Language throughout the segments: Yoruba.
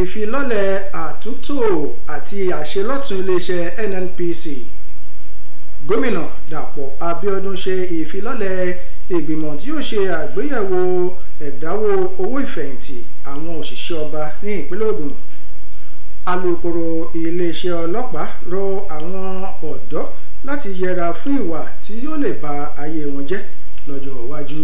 ìfilọ́lẹ̀ àtúntò àti àṣelọ́tún iléeṣẹ́ NNPC gómìnà Dàpọ̀ Abíọ́dún ṣe ìfilọ́lẹ̀ ìgbìmọ̀ tí yóò ṣe àgbéyẹ̀wò ẹ̀dáwó owó ìfẹ̀yìntì àwọn òṣìṣẹ́ ọba ní ìpínlẹ̀ Ògùn alukoro iléeṣẹ́ ọlọ́pàá rọ àwọn ọ̀dọ́ láti yẹra fún ìwà tí yóò lè ba ayé wọn jẹ́ lọ́jọ́ iwájú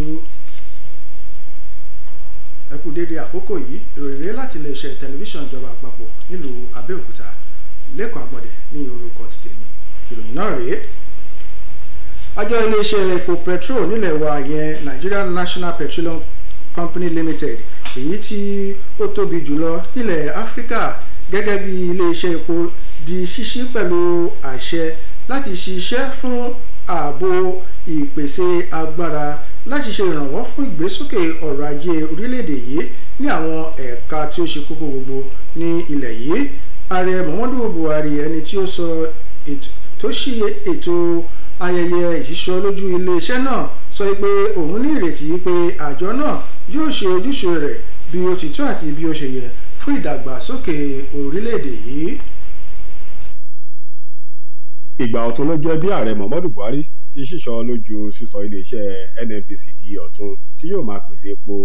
ẹ kú dédé àkókò yìí ìròyìn rèé láti iléeṣẹ́ tẹlifíṣàn ìjọba àpapọ̀ nílùú Abẹ́òkúta lẹ́kọ̀ọ́ àgbọ̀dẹ̀ ní orúkọ ti tèmi ìròyìn náà rèé àjọ iléeṣẹ́ epo petrol nílẹ̀ wa yẹn Nigerian National Petroleum company limited èyí tí ó tóbi jùlọ nílẹ̀ áfíríkà gẹ́gẹ́ bí iléeṣẹ́ epo di ṣíṣí pẹ̀lú àṣẹ láti ṣiṣẹ́ fún ààbò ìpèsè agbára láti ṣe ìrànwọ́ fún ìgbésókè ọrọ̀ ajé orílẹ̀-èdè yìí ní àwọn ẹ̀ka tí ó ṣe kókó gbogbo ní ilẹ̀ yìí ààrẹ muhammadu buhari ẹni tí ó sọ tó ṣí ètò ayẹyẹ ìṣísọ lójú iléeṣẹ́ náà sọ pé òun ní ìrètí pé àjọ náà yóò ṣe ojúṣe rẹ̀ bí ó ti tọ́ àti bí ó ṣe yẹ fún ìdàgbàsókè orílẹ̀-èdè yìí. ìgbà ọ̀tun ló jẹ́ bí ààrẹ Muhammadu Buhari ti ṣíṣọ lójú sísọ iléeṣẹ́ NNPC di ọ̀tun tí yóò máa pèsè epo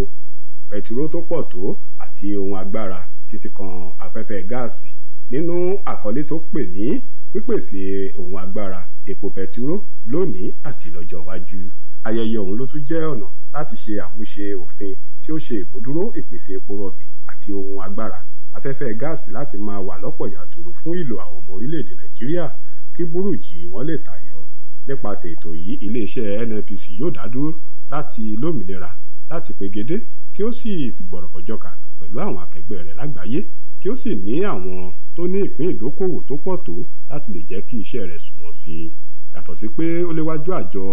pẹtiró tó pọ̀ tó àti ohun agbára títí kan afẹ́fẹ́ gáàsì nínú àkọlé tó pè ní pípèsè ohun agbára epo pẹtiró lónìí àti lọ́jọ́ iwájú ayẹyẹ ọ̀hún ló tún jẹ́ ọ̀nà láti ṣe àmúṣe òfin tí ó ṣe ìmúdúró ìpèsè epo rọ̀bì àti ohun agbára afẹ́fẹ́ gáàsì láti máa wà lọ́pọ̀ yàntúrú fún ìlò àwọn ọmọ orílẹ̀-èdè nàìjíríà kí burújí wọn lè tayọ nípasẹ̀ ètò yìí iléeṣẹ́ nnpc yóò dá dúró láti lómìnira láti pegedé kí ó sì fìgbọ̀rọ̀gbọ̀jọ̀ka pẹ̀lú àwọn akẹgbẹ́ rẹ̀ lágbàáyé kí ó sì ní àwọn tó ní ìpín ìdókòwò tó pọ̀ tó láti lè jẹ́ kí iṣẹ́ rẹ̀ sunwọ̀n sí i yàtọ̀ sí pé ó léwájú àjọ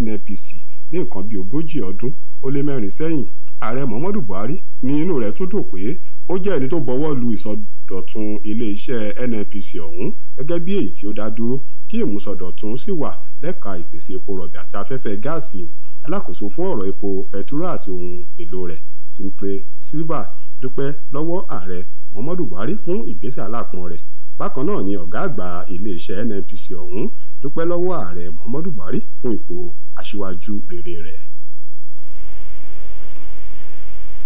NNPC ní nǹkan bíi ogójì ọdún ó lé mẹ́rin sẹ́yìn ààrẹ Muhammadu Buhari ní inú rẹ̀ tún dùn pé ó jẹ́ ẹni tó bọwọ́ lu ìsọdọ̀tun iléeṣẹ́ NNPC ọ̀hún gẹ́gẹ́ bí èyí tí ó dá dúró kí ìmúsọdọ̀tun sì wà lẹ́ka ìpèsè epo rọ̀bì àti afẹ́fẹ́ gáàsì alákòóso fún ọ̀rọ̀ epo pẹtiró àti ohun èlò rẹ̀ Timothy Silva dúpẹ́ lọ́wọ́ ààrẹ Muhammadu Buhari fún ìgbésẹ̀ alápọn rẹ̀ bákan náà ni ọ̀gá àgbà iléeṣẹ́ NNPC ọ̀hún dúpẹ́ lọ́wọ́ ààrẹ Muhammadu Buhari fún ipò aṣíwájú rere rẹ̀.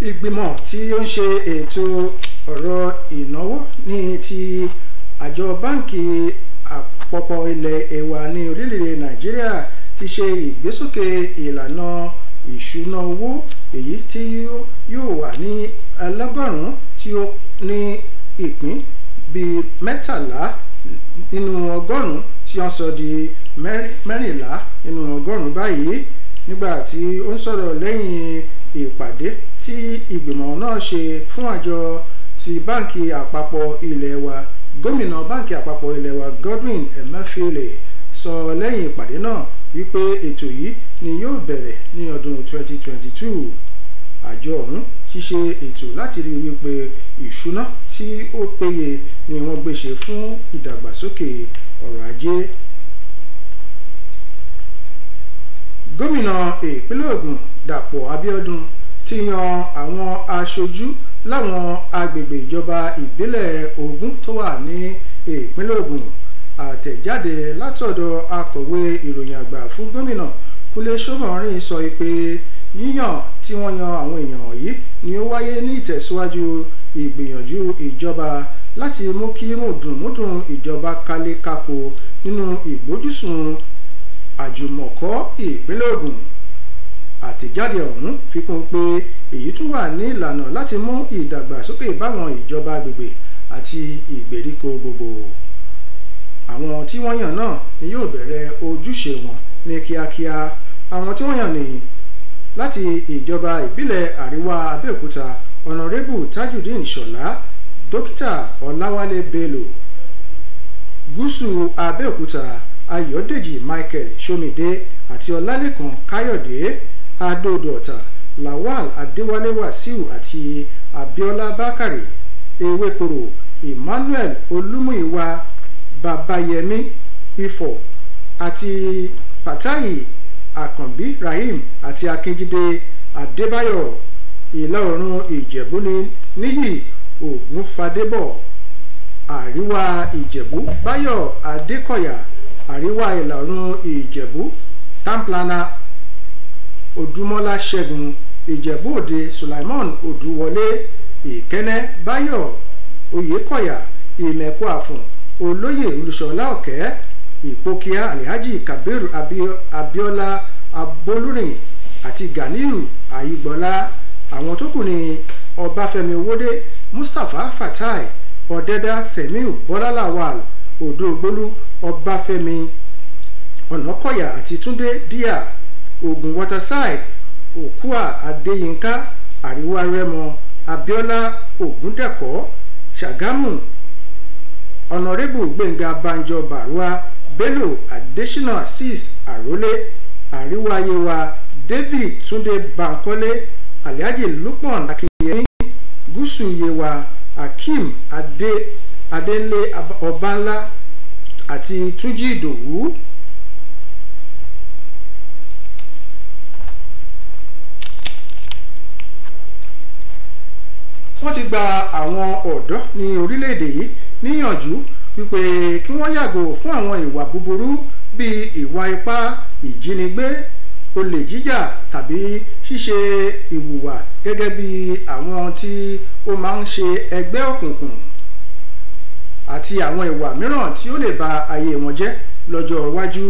ìgbìmọ̀ tí ó ń ṣe ètò ọ̀rọ̀ ìnáwó ní ti àjọ báǹkì àpapọ̀ ilẹ̀ èwà ní orílẹ̀-èdè nàìjíríà ti ṣe ìgbésókè ìlànà ìṣúná owó èyí tí yóò wà ní alágọ̀rún tí ó ní ìpín bíi mẹ́tàlá nínú ọgọ́rùn-ún tí wọ́n sọ di mẹ́rìnlá nínú ọgọ́rùn-ún báyìí nígbà tí ó ń sọ̀rọ̀ lẹ́yìn ìpàdé tí ìgbìmọ̀ náà ṣe fún àjọ ti báǹkì àpapọ̀ ilé wa gómìnà báǹkì àpapọ̀ ilé wa Godwin Emefiele sọ lẹ́yìn ìpàdé náà wípé ètò yìí ni yóò bẹ̀rẹ̀ ní ọdún 2022 àjọ ọ̀hún ṣíṣe ètò láti rí wípé ìṣúná tí ó péye ni wọ́n gbéṣe fún ìdàgbàsókè ọrọ̀ ajé gómìnà ìpínlẹ̀ Ògùn Dàpọ̀ Abiodun, ti yan àwọn aṣojú láwọn agbègbè ìjọba ìbílẹ̀ ogún tó wà ní ìpínlẹ̀ Ògùn àtẹ̀jáde látọ̀dọ̀ akọ̀wé ìròyìn àgbà fún gómìnà Kúnlé Ṣómọ̀rìn sọ pé yíyàn tí wọ́n yan àwọn èèyàn wọ̀nyí ni ó wáyé ní ìtẹ̀síwájú ìgbìyànjú ìjọba láti mú kí mùdùnmúdùn ìjọba kálékáko nínú ìgbójúsùn àjùmọ̀kọ́ ìpínlẹ̀ Ògùn àtẹ̀jáde ọ̀hún fi kún un pé èyí tún wà ní ìlànà láti mú ìdàgbàsókè báwọn ìjọba agbègbè àti ìgbèríko gbogbo àwọn tí wọ́n yàn náà ni yóò bẹ̀rẹ̀ ojúṣe wọn ní kíákíá àwọn tí wọ́n yàn ní láti ìjọba ìbílẹ̀ àríwá Abẹ́òkúta ọ̀nàrẹ́bù Tajudeen Ṣọ̀lá dókítà Ọláwálé Bello gúúsù Abẹ́òkúta ayọ̀dèjì michael ṣomide àti ọlálẹ́kan káyọ̀dé adóodò ọ̀tà lawal adéwálé wàsíù àti abiola Bakari ewékorò emmanuel olúmúìwá Babayemi Ifo àti Fatayi àkànbí rahim àti akínjídé adébáyọ̀ ìlà oòrùn ìjẹ̀bú ni níyì ògúnfadébọ̀ àríwá ìjẹ̀bú báyọ̀ adékọ̀yà àríwá ìlà oòrùn ìjẹ̀bú tamplana odúmọ́lá ṣẹ́gun ìjẹ̀bú òde sulaimon odúwọlé ìkẹ́nẹ́ báyọ̀ oyèkọ̀yà ìmẹ̀kọ àfọ̀n olóyè olùṣọ́lá ọ̀kẹ́ ìpókíà alihaji kabir abiola abolúrin àti ganiu ayígbọ́lá àwọn tó kù ní ọbáfẹ́mi owódé mustapha fatai ọ̀dẹ́dá semiu bọ́lá lawal òdògbólú ọbáfẹ́mi ọ̀nàkọ̀yà àti túndé díà ògùn waterside òkúà adéyínká àríwá rẹ́mọ abíọ́lá ògúndẹ̀kọ́ ṣàgámù ọ̀nàrẹ́bù gbẹ̀ngà banjo barua bello adésínà sis arole àríwá yewa david túndé bankole alhaji lukman akínyẹmí gúúsù yewa akeem adé adélé ọbánlá àti túnjí ìdòwú wọ́n ti gba àwọn ọ̀dọ́ ní orílẹ̀-èdè yìí níyànjú wípé kí wọ́n yàgò fún àwọn ìwà búburú bíi ìwà ipá ìjínigbé olè jíjà tàbí ṣíṣe ìwùwà gẹ́gẹ́ bí àwọn tí ó máa ń ṣe ẹgbẹ́ òkùnkùn àti àwọn ìwà mìíràn tí ó lè ba ayé wọn jẹ́ lọ́jọ́ iwájú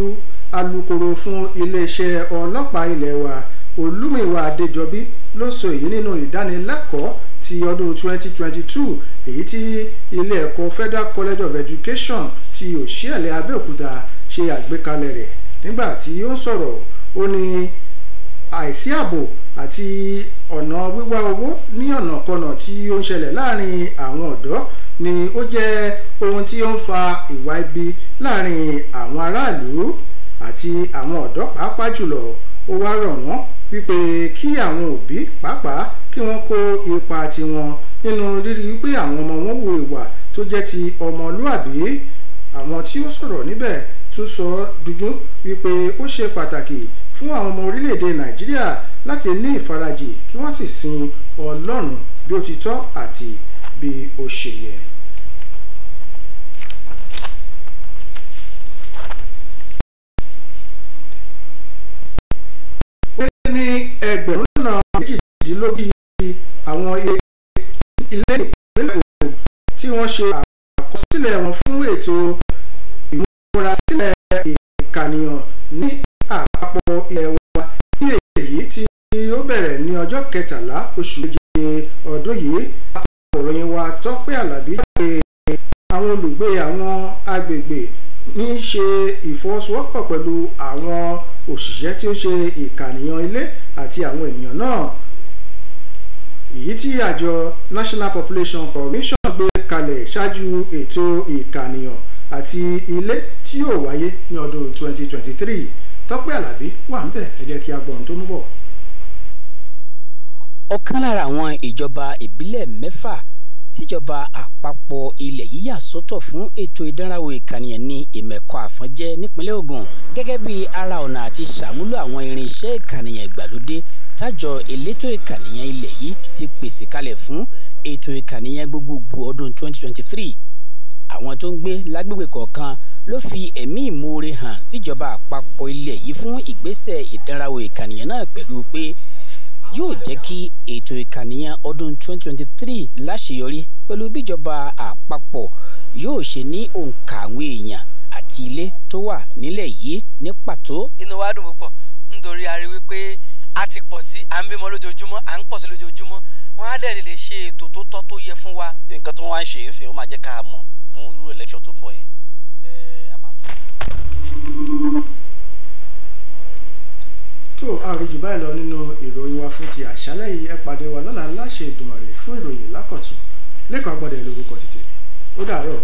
alukoro fún iléeṣẹ́ ọlọ́pàá ilẹ̀ wa olúmíwà adéjọbí ló sọ èyí nínú ìdánilẹ́kọ̀ọ́ ti ọdún 2022 èyí tí ilé ẹ̀kọ́ Federal College of Education ti òṣìẹ̀lẹ̀ abẹ́òkúta ṣe àgbékalẹ̀ rẹ̀ nígbà tí ó ń sọ̀rọ̀ ó ní àìsí ààbò àti ọ̀nà wíwá owó ní ọ̀nàkọnà tí ó ń ṣẹlẹ̀ láàrin àwọn ọ̀dọ́ ni ó jẹ́ ohun tí ó ń fa ìwà ibi láàrin àwọn aráàlú àti àwọn ọ̀dọ́ pàápàá jùlọ ó wá rọ̀ wọ́n wípé kí àwọn òbí pàápàá kí wọ́n kó ipa tiwọn nínú rírí wípé àwọn ọmọ wọn wo ìwà tó jẹ́ ti ọmọlúàbí àwọn tí ó sọ̀rọ̀ níbẹ̀ tún sọ dúdú wípé ó ṣe pàtàkì fún àwọn ọmọ orílẹ̀-èdè nàìjíríà láti ní ìfarajì kí wọ́n sì sin ọlọ́run bí ó ti tọ́ àti bí ó ṣe yẹ. ó lé ní ẹgbẹ̀rún lọ́nà méjìdínlógún àwọn ilé ìpínlẹ̀ Ògùn tí wọ́n ṣe àkọsílẹ̀ wọn fún ètò bẹ̀rẹ̀ ní ọjọ́ kẹtàlá oṣù keje ọdún yìí akọ̀ròyìn wa tọ́pẹ́ alábí jáde àwọn olùgbé àwọn agbègbè ní ṣe ìfọwọ́sowọ́pọ̀ pẹ̀lú àwọn òṣìṣẹ́ tí ó ṣe ìkànìyàn ilé àti àwọn ènìyàn náà èyí tí àjọ National Population Commission gbé kalẹ̀ ṣáájú ètò ìkànìyàn àti ilé tí yóò wáyé ní ọdún 2023 Tọ́pẹ́ Àlàbí wà ń bẹ̀ ẹ jẹ́ kí a gbọ́ tó ń bọ̀ ọ̀kan lára àwọn ìjọba ìbílẹ̀ mẹ́fà tíjọba àpapọ̀ ilẹ̀ yìí yà sọ́tọ̀ fún ètò ìdánrawò ìkànìyàn ní ìmẹ̀kọ àfọ́njẹ́ nípínlẹ̀ Ògùn gẹ́gẹ́ bí ara ọ̀nà àti ṣàmúlò àwọn irinṣẹ́ ìkànìyàn ìgbàlódé tájọ elétò ìkànìyàn ilẹ̀ yìí ti pèsè kalẹ̀ fún ètò ìkànìyàn gbogbogbò ọdún 2023 àwọn tó ń gbé lágbègbè kọ̀ọ̀kan ló fi ẹ̀mí ìmoore hàn síjọba àpapọ̀ ilẹ̀ yìí fún ìgbésẹ̀ ìdánrawò ìkànìyàn náà pẹ̀lú pé yóò jẹ́ kí ètò ìkànìyàn ọdún 2023 láṣeyọrí pẹ̀lú bíjọba àpapọ̀ yóò ṣe ní òǹkà àwọn èèyàn àti ilé tó wà nílẹ̀ yìí ní pàtó. inú wa dùn púpọ̀ nítorí a rí wípé a ti pọ̀ sí à ń bímọ lójoojúmọ́ à ń pọ̀ sí lójoojúmọ́ wọ́n á dẹ̀ lè ṣe ètò tó tọ́ tó yẹ fún wa. nǹkan tó wá ń ṣe é sìn ó máa jẹ́ ká mọ̀ fún irú election tó ń bọ̀. báyìí lọ nínú ìròyìn wa fún ti àṣálẹ́ yìí ẹ pàdé wa lọ́la láṣẹ Èdùmàrè fún ìròyìn lákọ̀tún lẹ́kọ̀ọ́ gbọ́dọ̀ lórúkọ tètè ó dàárọ̀.